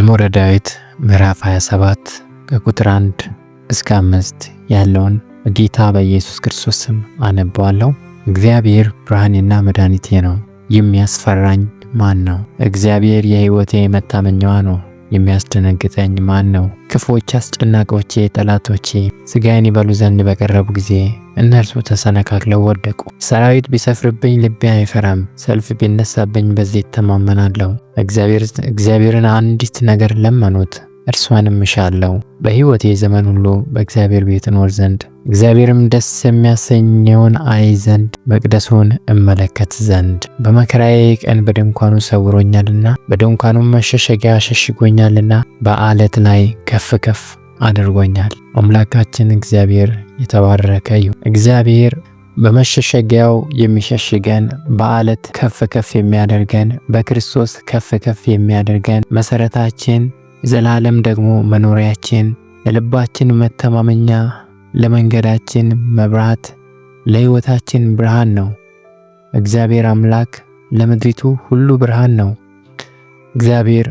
መዝሙረ ዳዊት ምዕራፍ 27 ከቁጥር 1 እስከ 5 ያለውን በጌታ በኢየሱስ ክርስቶስ ስም አነባዋለሁ። እግዚአብሔር ብርሃኔና መድኃኒቴ ነው፣ የሚያስፈራኝ ማን ነው? እግዚአብሔር የሕይወቴ መታመኛዋ ነው የሚያስደነግጠኝ ማን ነው? ክፉዎች፣ አስጨናቂዎቼ፣ ጠላቶቼ ስጋዬን ይበሉ ዘንድ በቀረቡ ጊዜ እነርሱ ተሰነካክለው ወደቁ። ሰራዊት ቢሰፍርብኝ ልቤ አይፈራም፣ ሰልፍ ቢነሳብኝ በዚህ እተማመናለሁ። እግዚአብሔርን አንዲት ነገር ለመኑት እርሷንም እሻለሁ። በሕይወቴ ዘመን ሁሉ በእግዚአብሔር ቤት እኖር ዘንድ እግዚአብሔርም ደስ የሚያሰኘውን አይ ዘንድ መቅደሱን እመለከት ዘንድ በመከራዬ ቀን በድንኳኑ ሰውሮኛልና በድንኳኑም መሸሸጊያ ሸሽጎኛልና በአለት ላይ ከፍ ከፍ አድርጎኛል። አምላካችን እግዚአብሔር የተባረከ ይሁን። እግዚአብሔር በመሸሸጊያው የሚሸሽገን በአለት ከፍ ከፍ የሚያደርገን በክርስቶስ ከፍ ከፍ የሚያደርገን መሰረታችን ዘላለም ደግሞ መኖሪያችን፣ ለልባችን መተማመኛ፣ ለመንገዳችን መብራት፣ ለሕይወታችን ብርሃን ነው። እግዚአብሔር አምላክ ለምድሪቱ ሁሉ ብርሃን ነው። እግዚአብሔር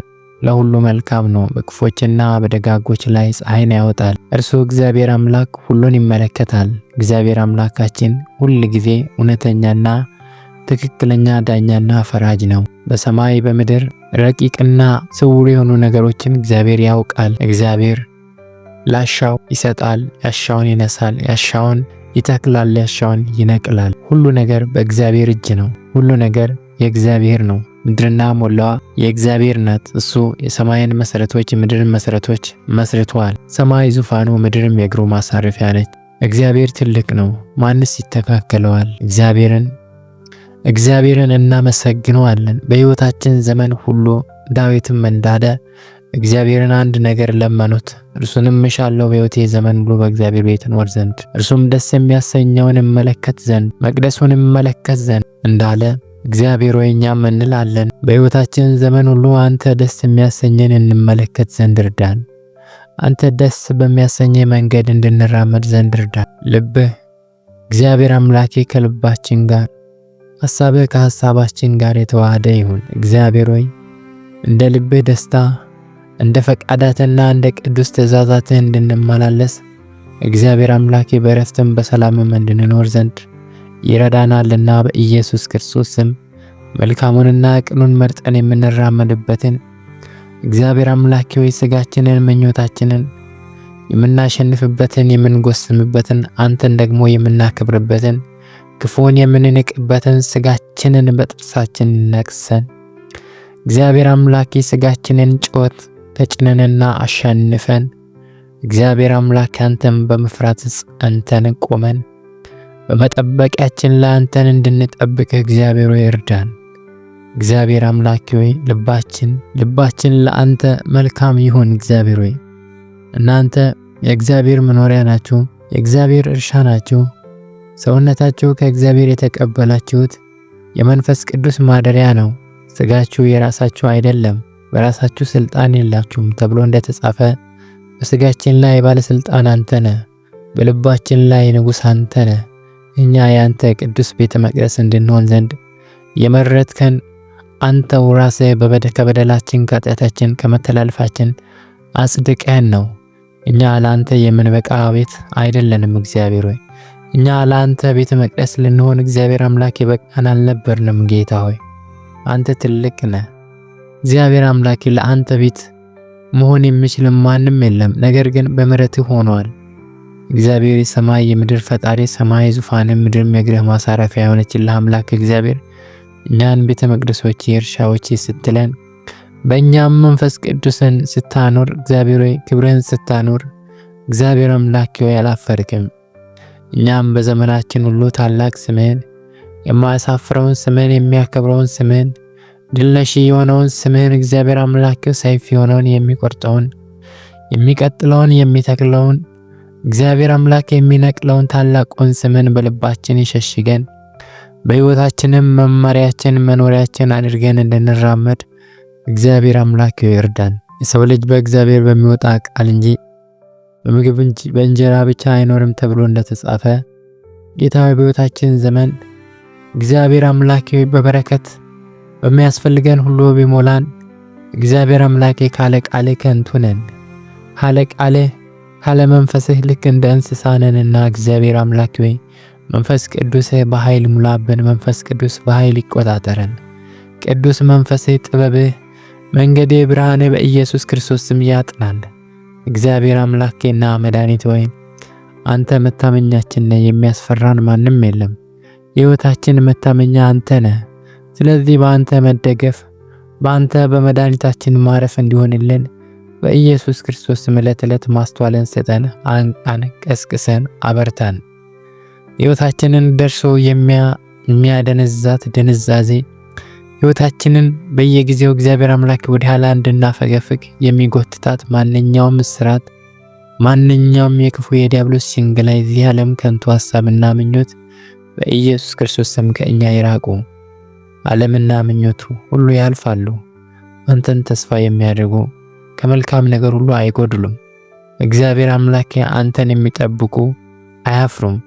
ለሁሉ መልካም ነው፣ በክፎችና በደጋጎች ላይ ፀሐይን ያወጣል። እርሱ እግዚአብሔር አምላክ ሁሉን ይመለከታል። እግዚአብሔር አምላካችን ሁል ጊዜ እውነተኛና ትክክለኛ ዳኛና ፈራጅ ነው። በሰማይ በምድር ረቂቅና ስውር የሆኑ ነገሮችን እግዚአብሔር ያውቃል። እግዚአብሔር ላሻው ይሰጣል፣ ያሻውን ይነሳል፣ ያሻውን ይተክላል፣ ያሻውን ይነቅላል። ሁሉ ነገር በእግዚአብሔር እጅ ነው። ሁሉ ነገር የእግዚአብሔር ነው። ምድርና ሞላዋ የእግዚአብሔር ናት። እሱ የሰማይን መሰረቶች የምድርን መሰረቶች መስርቷል። ሰማይ ዙፋኑ፣ ምድርም የእግሩ ማሳረፊያ ነች። እግዚአብሔር ትልቅ ነው፣ ማንስ ይተካከለዋል? እግዚአብሔርን እግዚአብሔርን እናመሰግነዋለን። በሕይወታችን ዘመን ሁሉ ዳዊትም እንዳለ እግዚአብሔርን አንድ ነገር ለመኑት፣ እርሱንም እሻለሁ በሕይወቴ ዘመን ሁሉ በእግዚአብሔር ቤት እኖር ዘንድ እርሱም ደስ የሚያሰኘውን እመለከት ዘንድ መቅደሱን እመለከት ዘንድ እንዳለ እግዚአብሔር ሆይ እኛም እንላለን። በሕይወታችን ዘመን ሁሉ አንተ ደስ የሚያሰኘን እንመለከት ዘንድ እርዳን። አንተ ደስ በሚያሰኘ መንገድ እንድንራመድ ዘንድ እርዳን። ልብህ እግዚአብሔር አምላኬ ከልባችን ጋር ሐሳብህ ከሐሳባችን ጋር የተዋሃደ ይሁን። እግዚአብሔር ሆይ እንደ ልብህ ደስታ እንደ ፈቃዳትና እንደ ቅዱስ ትእዛዛትህ እንድንመላለስ እግዚአብሔር አምላኬ በረፍትም በሰላምም እንድንኖር ዘንድ ይረዳናልና በኢየሱስ ክርስቶስ ስም መልካሙንና ቅኑን መርጠን የምንራመድበትን እግዚአብሔር አምላኬ ሆይ ስጋችንን ምኞታችንን የምናሸንፍበትን የምንጎስምበትን አንተን ደግሞ የምናከብርበትን ክፉን የምንንቅበትን ስጋችንን በጥርሳችን ነቅሰን እግዚአብሔር አምላኬ ስጋችንን ጩኸት ተጭነንና አሸንፈን እግዚአብሔር አምላክ አንተን በመፍራት አንተን ቆመን በመጠበቂያችን ለአንተን እንድንጠብቅ እግዚአብሔር ይርዳን። እግዚአብሔር አምላክ ሆይ ልባችን ልባችን ለአንተ መልካም ይሁን። እግዚአብሔር ሆይ እናንተ የእግዚአብሔር መኖሪያ ናችሁ፣ የእግዚአብሔር እርሻ ናችሁ። ሰውነታችሁ ከእግዚአብሔር የተቀበላችሁት የመንፈስ ቅዱስ ማደሪያ ነው። ስጋችሁ የራሳችሁ አይደለም፣ በራሳችሁ ስልጣን የላችሁም ተብሎ እንደተጻፈ በስጋችን ላይ ባለስልጣን አንተ በልባችን ላይ ንጉሥ አንተ እኛ የአንተ ቅዱስ ቤተ መቅደስ እንድንሆን ዘንድ የመረጥከን አንተው ራስህ ከበደላችን ከኃጢአታችን፣ ከመተላለፋችን አጽድቀህን ነው። እኛ ለአንተ የምንበቃ ቤት አይደለንም። እግዚአብሔር ሆይ እኛ ለአንተ ቤተ መቅደስ ልንሆን እግዚአብሔር አምላክ የበቃን አልነበርንም። ጌታ ሆይ አንተ ትልቅ ነህ። እግዚአብሔር አምላኬ ለአንተ ቤት መሆን የሚችል ማንም የለም። ነገር ግን በምረትህ ሆኗል። እግዚአብሔር የሰማይ የምድር ፈጣሪ ሰማይ ዙፋን ምድርም የእግርህ ማሳረፊያ የሆነችልህ አምላክ እግዚአብሔር እኛን ቤተ መቅደሶች የእርሻዎች ስትለን በእኛም መንፈስ ቅዱስን ስታኖር እግዚአብሔር ክብረን ክብርህን ስታኖር እግዚአብሔር አምላክ ሆይ አላፈርክም። እኛም በዘመናችን ሁሉ ታላቅ ስምህን የማያሳፍረውን ስምህን የሚያከብረውን ስምህን ድል የሆነውን ስምህን እግዚአብሔር አምላክ ሰይፍ የሆነውን የሚቆርጠውን የሚቀጥለውን የሚተክለውን እግዚአብሔር አምላክ የሚነቅለውን ታላቁን ስምን በልባችን ይሸሽገን በሕይወታችንም መመሪያችን መኖሪያችን አድርገን እንድንራመድ እግዚአብሔር አምላክ ይርዳን። የሰው ልጅ በእግዚአብሔር በሚወጣ ቃል እንጂ በምግብ በእንጀራ ብቻ አይኖርም ተብሎ እንደተጻፈ ጌታ በሕይወታችን ዘመን እግዚአብሔር አምላኬ በበረከት በሚያስፈልገን ሁሉ ቢሞላን እግዚአብሔር አምላኬ ካለ ቃሌ ከንቱ ነን፣ ካለ ካለ መንፈስህ ልክ እንደ እንስሳ ነንና እግዚአብሔር አምላኬ ወይ መንፈስ ቅዱስህ በኃይል ሙላብን። መንፈስ ቅዱስ በኃይል ይቆጣጠረን። ቅዱስ መንፈስህ ጥበብህ መንገዴ ብርሃኔ በኢየሱስ ክርስቶስ ስም ያጥናል። እግዚአብሔር አምላኬና መድኃኒት ወይም አንተ መታመኛችን ነህ፣ የሚያስፈራን ማንም የለም። የሕይወታችን መታመኛ አንተ ነህ። ስለዚህ በአንተ መደገፍ፣ በአንተ በመድኃኒታችን ማረፍ እንዲሆንልን በኢየሱስ ክርስቶስ ስም ዕለት ዕለት ማስተዋልን ስጠን፣ አንቀስቅሰን፣ አበርታን። ሕይወታችንን ደርሶ የሚያደነዛት ድንዛዜ ሕይወታችንን በየጊዜው እግዚአብሔር አምላክ ወደ ኋላ እንድናፈገፍግ የሚጎትታት ማንኛውም እስራት፣ ማንኛውም የክፉ የዲያብሎስ ሽንገላ፣ የዚህ ዓለም ከንቱ ሐሳብና ምኞት በኢየሱስ ክርስቶስ ስም ከእኛ ይራቁ። ዓለምና ምኞቱ ሁሉ ያልፋሉ። አንተን ተስፋ የሚያደርጉ ከመልካም ነገር ሁሉ አይጎድሉም። እግዚአብሔር አምላክ አንተን የሚጠብቁ አያፍሩም።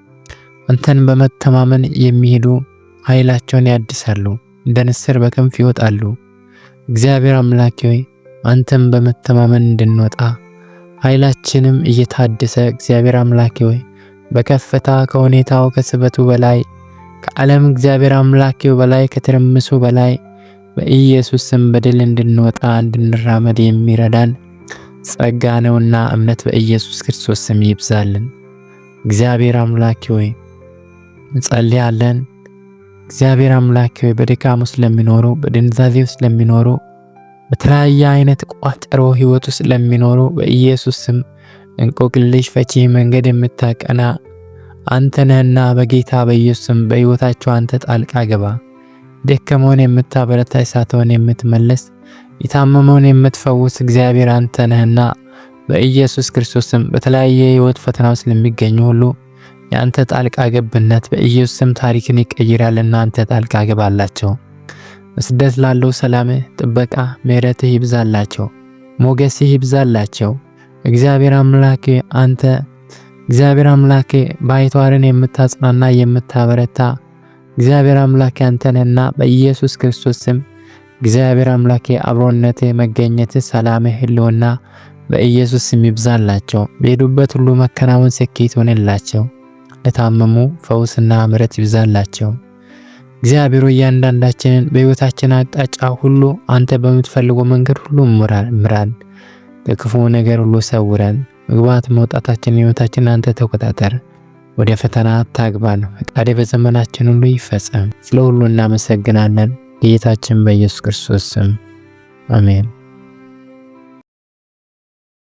አንተን በመተማመን የሚሄዱ ኃይላቸውን ያድሳሉ። እንደ ንስር በክንፍ ይወጣሉ። እግዚአብሔር አምላኬ ሆይ አንተም በመተማመን እንድንወጣ ኃይላችንም እየታደሰ እግዚአብሔር አምላኬ ሆይ በከፍታ ከሁኔታው ከስበቱ በላይ ከዓለም እግዚአብሔር አምላኬው በላይ ከትርምሱ በላይ በኢየሱስ ስም በድል እንድንወጣ እንድንራመድ የሚረዳን ጸጋ ነውና እምነት በኢየሱስ ክርስቶስ ስም ይብዛልን። እግዚአብሔር አምላኬ ሆይ እንጸልያለን። እግዚአብሔር አምላክ ሆይ በድካም ውስጥ ለሚኖሩ፣ በድንዛዜ ውስጥ ለሚኖሩ፣ በተለያየ አይነት ቋጠሮ ህይወት ውስጥ ለሚኖሩ በኢየሱስ ስም እንቆቅልሽ ፈቺ መንገድ የምታቀና አንተ ነህና በጌታ በኢየሱስ ስም በህይወታቸው አንተ ጣልቃ ገባ። ደከመውን የምታበረታ ሳትሆን የምትመለስ የታመመውን የምትፈውስ እግዚአብሔር አንተ ነህና በኢየሱስ ክርስቶስም በተለያየ ህይወት ፈተና ውስጥ ለሚገኙ ሁሉ የአንተ ጣልቃ ገብነት በኢየሱስ ስም ታሪክን ይቀይራልና አንተ ጣልቃ ገብ አላቸው። በስደት ላለው ሰላም፣ ጥበቃ፣ ምሕረትህ ይብዛላቸው፣ ሞገስህ ይብዛላቸው። እግዚአብሔር አምላኬ አንተ እግዚአብሔር አምላኬ ባይተዋርን የምታጽናና የምታበረታ እግዚአብሔር አምላኬ አንተ ነህና በኢየሱስ ክርስቶስ ስም እግዚአብሔር አምላኬ አብሮነት፣ መገኘት፣ ሰላም፣ ህልውና በኢየሱስ ስም ይብዛላቸው። በሄዱበት ሁሉ መከናወን፣ ስኬት ሆነላቸው። ለታመሙ ፈውስና ምረት ይብዛላቸው። እግዚአብሔር እያንዳንዳችንን በሕይወታችን አቅጣጫ ሁሉ አንተ በምትፈልገው መንገድ ሁሉ ምራን፣ በክፉ ነገር ሁሉ ሰውረን። መግባት መውጣታችን ሕይወታችን አንተ ተቆጣጠር። ወደ ፈተና ታግባን። ፈቃዴ በዘመናችን ሁሉ ይፈጸም። ስለ ሁሉ እናመሰግናለን። ጌታችን በኢየሱስ ክርስቶስ ስም አሜን።